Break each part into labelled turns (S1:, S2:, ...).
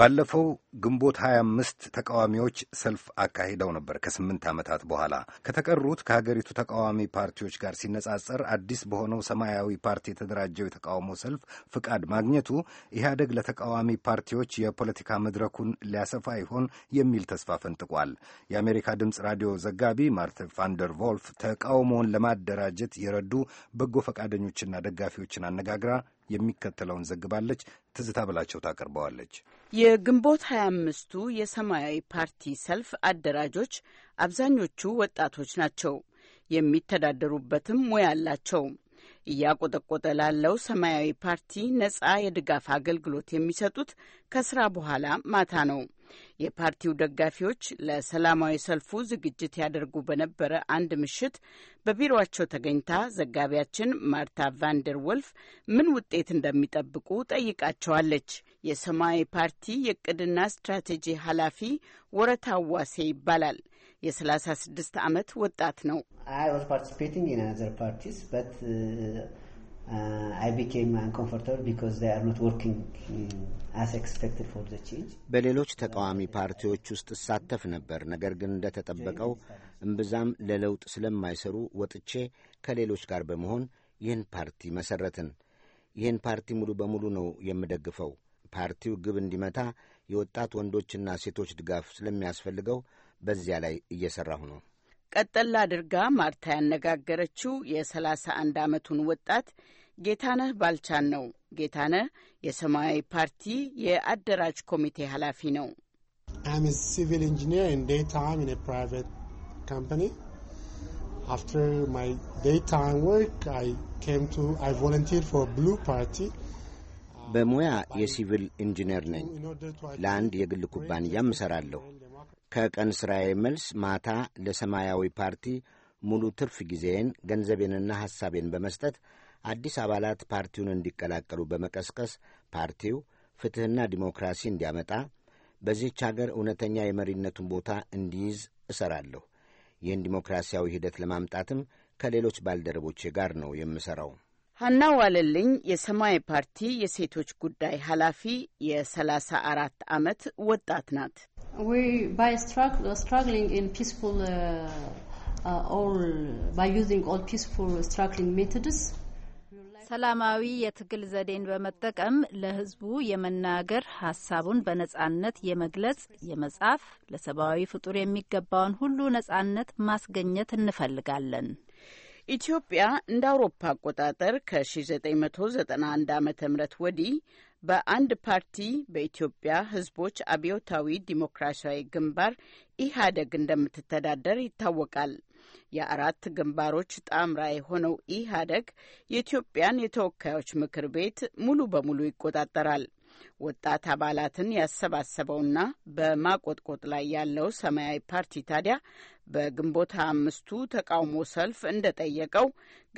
S1: ባለፈው ግንቦት 25 ተቃዋሚዎች ሰልፍ አካሂደው ነበር ከስምንት ዓመታት በኋላ። ከተቀሩት ከሀገሪቱ ተቃዋሚ ፓርቲዎች ጋር ሲነጻጸር አዲስ በሆነው ሰማያዊ ፓርቲ የተደራጀው የተቃውሞ ሰልፍ ፍቃድ ማግኘቱ ኢህአደግ ለተቃዋሚ ፓርቲዎች የፖለቲካ መድረኩን ሊያሰፋ ይሆን የሚል ተስፋ ፈንጥቋል። የአሜሪካ ድምፅ ራዲዮ ዘጋቢ ማርቲን ቫንደር ቮልፍ ተቃውሞውን ለማደራጀት የረዱ በጎ ፈቃደኞችና ደጋፊዎችን አነጋግራ የሚከተለውን ዘግባለች። ትዝታ ብላቸው ታቀርበዋለች።
S2: የግንቦት 25ቱ የሰማያዊ ፓርቲ ሰልፍ አደራጆች አብዛኞቹ ወጣቶች ናቸው። የሚተዳደሩበትም ሙያ አላቸው። እያቆጠቆጠ ላለው ሰማያዊ ፓርቲ ነጻ የድጋፍ አገልግሎት የሚሰጡት ከስራ በኋላ ማታ ነው። የፓርቲው ደጋፊዎች ለሰላማዊ ሰልፉ ዝግጅት ያደርጉ በነበረ አንድ ምሽት በቢሮቸው ተገኝታ ዘጋቢያችን ማርታ ቫንደር ወልፍ ምን ውጤት እንደሚጠብቁ ጠይቃቸዋለች። የሰማያዊ ፓርቲ የእቅድና ስትራቴጂ ኃላፊ ወረታ ዋሴ ይባላል። የ36 ዓመት ወጣት ነው።
S3: uh, በሌሎች ተቃዋሚ ፓርቲዎች ውስጥ እሳተፍ ነበር። ነገር ግን እንደተጠበቀው እምብዛም ለለውጥ ስለማይሰሩ ወጥቼ ከሌሎች ጋር በመሆን ይህን ፓርቲ መሰረትን። ይህን ፓርቲ ሙሉ በሙሉ ነው የምደግፈው። ፓርቲው ግብ እንዲመታ የወጣት ወንዶችና ሴቶች ድጋፍ ስለሚያስፈልገው በዚያ ላይ እየሰራሁ ነው።
S2: ቀጠላ አድርጋ ማርታ ያነጋገረችው የ31 ዓመቱን ወጣት ጌታነህ ባልቻን ነው። ጌታነህ የሰማያዊ ፓርቲ የአደራጅ ኮሚቴ ኃላፊ ነው።
S1: ሲቪል ኢንጂኒር ኢን ዴይ ታይም ኢን ፕራይቬት ካምፓኒ አፍተር ማይ ዴይ ታይም ወርክ አይ ኬም ቱ አይ ቮለንቲር ፎር ብሉ ፓርቲ
S3: በሙያ የሲቪል ኢንጂነር ነኝ። ለአንድ የግል ኩባንያም እሠራለሁ። ከቀን ሥራዬ መልስ ማታ ለሰማያዊ ፓርቲ ሙሉ ትርፍ ጊዜዬን ገንዘቤንና ሐሳቤን በመስጠት አዲስ አባላት ፓርቲውን እንዲቀላቀሉ በመቀስቀስ ፓርቲው ፍትሕና ዲሞክራሲ እንዲያመጣ በዚች አገር እውነተኛ የመሪነቱን ቦታ እንዲይዝ እሠራለሁ። ይህን ዲሞክራሲያዊ ሂደት ለማምጣትም ከሌሎች ባልደረቦቼ ጋር ነው የምሠራው።
S2: ሀና ዋለልኝ የሰማያዊ ፓርቲ የሴቶች ጉዳይ ኃላፊ የሰላሳ አራት ዓመት ወጣት ናት። uh, uh, uh, ሰላማዊ የትግል ዘዴን በመጠቀም ለህዝቡ የመናገር ሀሳቡን በነጻነት የመግለጽ የመጻፍ፣ ለሰብአዊ ፍጡር የሚገባውን ሁሉ ነጻነት ማስገኘት እንፈልጋለን። ኢትዮጵያ እንደ አውሮፓ አቆጣጠር ከ1991 ዓ ም ወዲህ በአንድ ፓርቲ በኢትዮጵያ ህዝቦች አብዮታዊ ዲሞክራሲያዊ ግንባር ኢህአዴግ እንደምትተዳደር ይታወቃል። የአራት ግንባሮች ጣምራ የሆነው ኢህአዴግ የኢትዮጵያን የተወካዮች ምክር ቤት ሙሉ በሙሉ ይቆጣጠራል። ወጣት አባላትን ያሰባሰበውና በማቆጥቆጥ ላይ ያለው ሰማያዊ ፓርቲ ታዲያ በግንቦት አምስቱ ተቃውሞ ሰልፍ እንደጠየቀው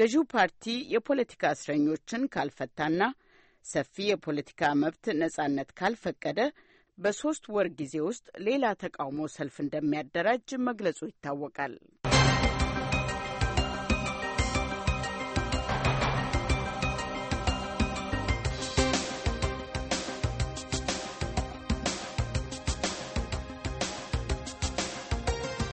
S2: ገዢው ፓርቲ የፖለቲካ እስረኞችን ካልፈታና ሰፊ የፖለቲካ መብት ነጻነት ካልፈቀደ በሶስት ወር ጊዜ ውስጥ ሌላ ተቃውሞ ሰልፍ እንደሚያደራጅ መግለጹ ይታወቃል።